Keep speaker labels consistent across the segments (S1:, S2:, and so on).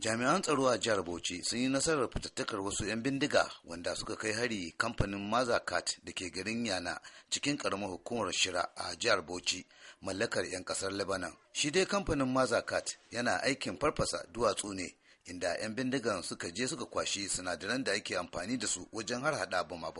S1: jami'an tsaro a jihar bauchi sun yi nasarar fitattakar wasu 'yan bindiga wanda suka kai hari kamfanin mazakat da ke garin yana cikin karamar hukumar shira a jihar bauchi mallakar 'yan kasar lebanon shi dai kamfanin mazakat yana aikin farfasa duwatsu ne inda 'yan bindigan suka je suka kwashe sinadaran da ake amfani da su wajen har hada bama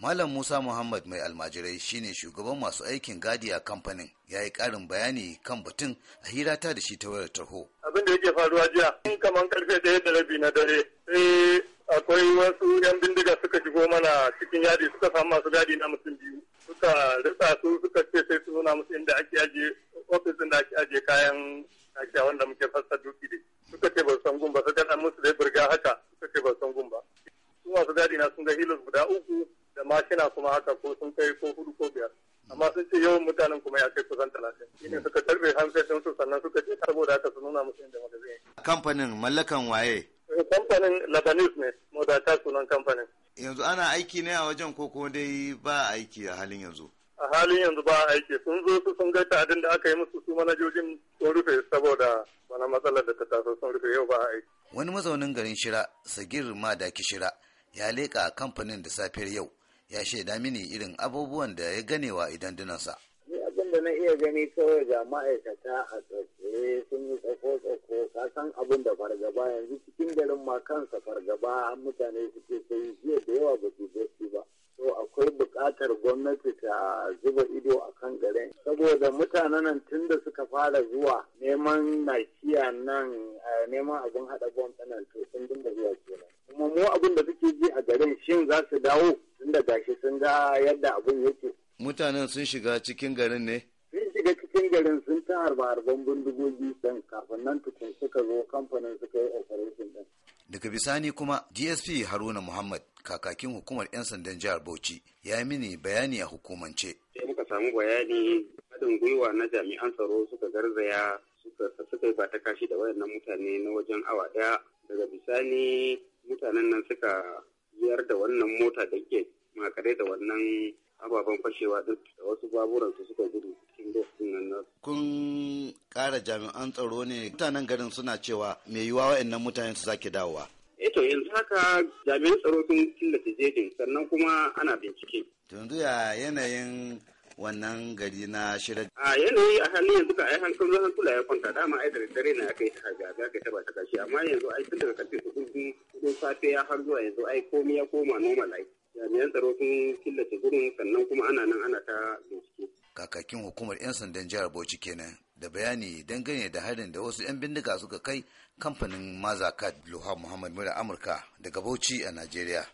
S1: Malam Musa Muhammad mai almajirai shine shugaban masu aikin gadi a kamfanin ya yi ƙarin bayani kan batun a hirata da shi ta wayar tarho.
S2: abin da yake faruwa jiya in kamar karfe ɗaya da rabi na dare sai akwai wasu yan bindiga suka shigo mana cikin yadi suka samu masu gadi na mutum biyu suka ritsa su suka ce sai su nuna musu inda ake ajiye ofisin da ake ajiye kayan ajiya wanda muke fassa duki da suka ce ba san gumba su gada musu dai burga haka suka ce ba san gumba su masu gadi na sun ga hilus guda uku da mashina kuma haka ko sun kai ko hudu ko biyar amma sun ce yawan mutanen kuma ya kai kusan talatin shine suka tarbe sun su sannan suka ce saboda aka su nuna musu inda magazin
S1: kamfanin mallakan waye
S2: eh, kamfanin labanese ne modata sunan kamfanin
S1: yanzu ana aiki ne a wajen ko kuma dai ba aiki a halin yanzu a
S2: halin yanzu ba aiki sun zo su sun ga ta'adin da aka yi musu su manajojin sun rufe saboda wani matsalar da ta taso sun rufe yau ba aiki
S1: wani mazaunin garin shira sagir madaki shira ya leƙa kamfanin da safiyar yau ya shaida mini irin abubuwan da ya ganewa idan dinansa.
S3: abin da na iya gani kawai ga ma'aikata a tsaye sun yi tsako-tsako kasan san abin da fargaba yanzu cikin garin ma kansa fargaba mutane suke sayi jiya da yawa ba su bacci ba to akwai buƙatar gwamnati ta zuba ido a kan garin saboda mutanen nan tun da suka fara zuwa neman nakiya nan neman abin haɗa gwamnati nan to sun dinga zuwa kenan kuma mu abin da suke ji a garin shin za su dawo da gashi sun ga yadda abin yake
S1: mutanen sun shiga cikin garin ne
S3: sun shiga cikin garin sun ta harba harban bindigogi ɗin kafin nan tukun suka zo kamfanin suka yi operation ɗin
S1: daga bisani kuma dsp haruna muhammad kakakin hukumar 'yan sandan jihar bauchi ya yi mini bayani a hukumance
S4: sai muka samu bayani haɗin gwiwa na jami'an tsaro suka garzaya suka yi ba kashi da wayannan mutane na wajen awa ɗaya daga bisani mutanen nan suka ziyar da wannan mota da ke makare da wannan ababen fashewa din da wasu baburan su suka gudu cikin dokin nan na.
S1: Kun ƙara jami'an tsaro ne mutanen garin suna cewa mai yiwuwa wa'annan mutanen su sake dawowa.
S4: Eh to yanzu haka jami'an tsaro sun killace jejin sannan kuma
S1: ana bincike. Yanzu ya yanayin wannan gari na shirar. A
S4: yanayi a halin yanzu ka ai hankali hankula ya kwanta dama ai da dare na aka yi ta haga za ka taba ta kashi amma yanzu ai tun daga karfe hudu kudin safe ya har zuwa yanzu ai komi ya koma normal ai. Jami'an tsaro sun killace gurin sannan kuma ana nan ana ta bincike.
S1: Kakakin hukumar 'yan sandan jihar Bauchi kenan da bayani dangane da harin da wasu 'yan bindiga suka kai kamfanin Mazakat Luha Muhammad Mura Amurka daga Bauchi a Najeriya.